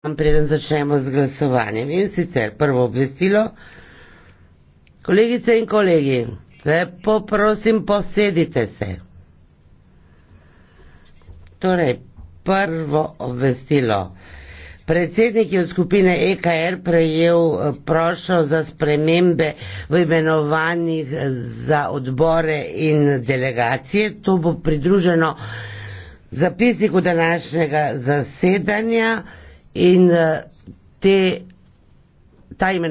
Preden začnemo z glasovanjem in sicer prvo obvestilo, kolegice in kolegi, lepo prosim, posedite se. Torej, prvo obvestilo. Predsednik je od skupine EKR prejel eh, prošlo za spremembe v imenovanjih eh, za odbore in delegacije. To bo pridruženo zapisniku današnjega zasedanja in eh, te, ta imenovanja